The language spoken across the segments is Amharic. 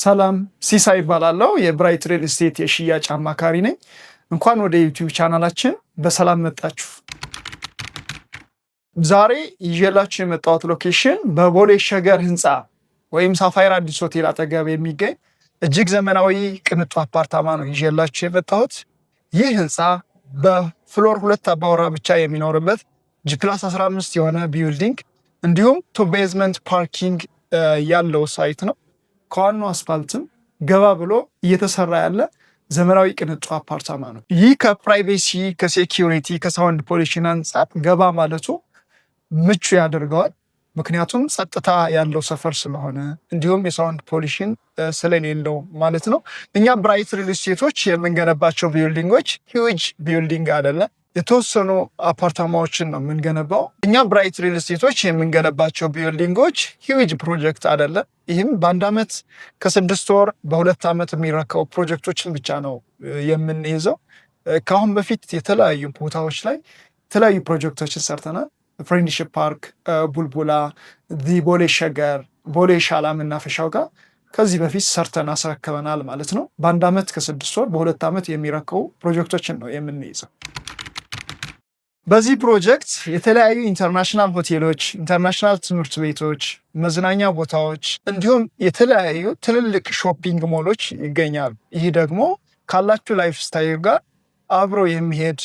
ሰላም ሲሳይ ይባላለው የብራይት ሪል ስቴት የሽያጭ አማካሪ ነኝ። እንኳን ወደ ዩቲዩብ ቻናላችን በሰላም መጣችሁ። ዛሬ ይዤላችሁ የመጣሁት ሎኬሽን በቦሌ ሸገር ህንፃ ወይም ሳፋይር አዲስ ሆቴል አጠገብ የሚገኝ እጅግ ዘመናዊ ቅንጡ አፓርታማ ነው ይዤላችሁ የመጣሁት። ይህ ህንፃ በፍሎር ሁለት አባወራ ብቻ የሚኖርበት ጂፕላስ 15 የሆነ ቢውልዲንግ እንዲሁም ቱ ቤዝመንት ፓርኪንግ ያለው ሳይት ነው። ከዋናው አስፋልትም ገባ ብሎ እየተሰራ ያለ ዘመናዊ ቅንጡ አፓርታማ ነው። ይህ ከፕራይቬሲ ከሴኪሪቲ ከሳውንድ ፖሊሽን አንጻር ገባ ማለቱ ምቹ ያደርገዋል። ምክንያቱም ጸጥታ ያለው ሰፈር ስለሆነ እንዲሁም የሳውንድ ፖሊሽን ስለሌለው ማለት ነው። እኛ ብራይት ሪል ስቴቶች የምንገነባቸው ቢልዲንጎች ሂውጅ ቢልዲንግ አይደለም የተወሰኑ አፓርታማዎችን ነው የምንገነባው። እኛ ብራይት ሪል ስቴቶች የምንገነባቸው ቢልዲንጎች ሂውጅ ፕሮጀክት አይደለም። ይህም በአንድ ዓመት ከስድስት ወር በሁለት ዓመት የሚረከቡ ፕሮጀክቶችን ብቻ ነው የምንይዘው። ከአሁን በፊት የተለያዩ ቦታዎች ላይ የተለያዩ ፕሮጀክቶችን ሰርተናል። ፍሬንድሺፕ ፓርክ፣ ቡልቡላ፣ ቦሌ ሸገር፣ ቦሌ ሻላ መናፈሻው ጋር ከዚህ በፊት ሰርተን አስረክበናል ማለት ነው። በአንድ ዓመት ከስድስት ወር በሁለት ዓመት የሚረከቡ ፕሮጀክቶችን ነው የምንይዘው። በዚህ ፕሮጀክት የተለያዩ ኢንተርናሽናል ሆቴሎች፣ ኢንተርናሽናል ትምህርት ቤቶች፣ መዝናኛ ቦታዎች እንዲሁም የተለያዩ ትልልቅ ሾፒንግ ሞሎች ይገኛሉ። ይህ ደግሞ ካላችሁ ላይፍ ስታይል ጋር አብሮ የሚሄድ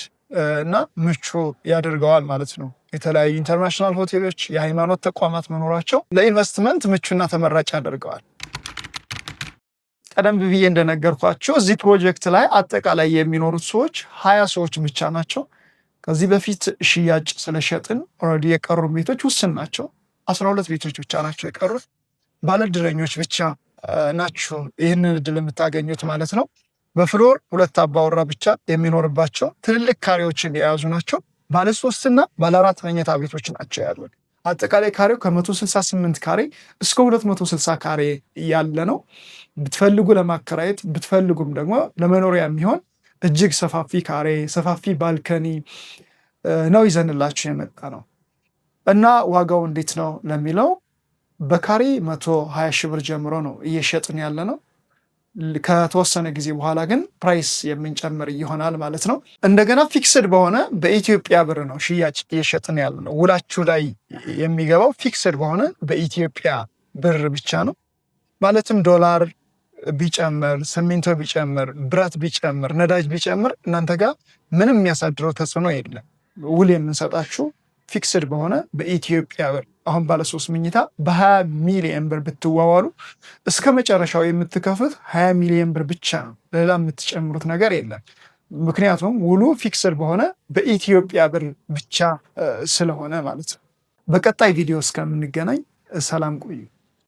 እና ምቹ ያደርገዋል ማለት ነው። የተለያዩ ኢንተርናሽናል ሆቴሎች፣ የሃይማኖት ተቋማት መኖራቸው ለኢንቨስትመንት ምቹና ተመራጭ ያደርገዋል። ቀደም ብዬ እንደነገርኳቸው እዚህ ፕሮጀክት ላይ አጠቃላይ የሚኖሩት ሰዎች ሀያ ሰዎች ብቻ ናቸው። ከዚህ በፊት ሽያጭ ስለሸጥን ኦልሬዲ የቀሩ ቤቶች ውስን ናቸው። አስራ ሁለት ቤቶች ብቻ ናቸው የቀሩት። ባለድረኞች ብቻ ናቸው። ይህንን እድል የምታገኙት ማለት ነው። በፍሎር ሁለት አባወራ ብቻ የሚኖርባቸው ትልልቅ ካሬዎችን የያዙ ናቸው። ባለሶስትና ባለአራት መኘታ መኝታ ቤቶች ናቸው ያሉ። አጠቃላይ ካሬው ከ168 ካሬ እስከ 260 ካሬ ያለ ነው። ብትፈልጉ ለማከራየት ብትፈልጉም ደግሞ ለመኖሪያ የሚሆን እጅግ ሰፋፊ ካሬ፣ ሰፋፊ ባልከኒ ነው ይዘንላችሁ የመጣ ነው እና ዋጋው እንዴት ነው ለሚለው በካሬ መቶ ሀያ ሺህ ብር ጀምሮ ነው እየሸጥን ያለ ነው። ከተወሰነ ጊዜ በኋላ ግን ፕራይስ የምንጨምር ይሆናል ማለት ነው። እንደገና ፊክስድ በሆነ በኢትዮጵያ ብር ነው ሽያጭ እየሸጥን ያለ ነው። ውላችሁ ላይ የሚገባው ፊክስድ በሆነ በኢትዮጵያ ብር ብቻ ነው ማለትም ዶላር ቢጨምር፣ ሲሚንቶ ቢጨምር፣ ብረት ቢጨምር፣ ነዳጅ ቢጨምር እናንተ ጋር ምንም የሚያሳድረው ተጽዕኖ የለም። ውል የምንሰጣችሁ ፊክስድ በሆነ በኢትዮጵያ ብር አሁን ባለሶስት ሶስት ምኝታ በ20 ሚሊየን ብር ብትዋዋሉ እስከ መጨረሻው የምትከፍሉት 20 ሚሊየን ብር ብቻ ነው። ሌላ የምትጨምሩት ነገር የለም። ምክንያቱም ውሉ ፊክስድ በሆነ በኢትዮጵያ ብር ብቻ ስለሆነ ማለት ነው። በቀጣይ ቪዲዮ እስከምንገናኝ ሰላም ቆዩ።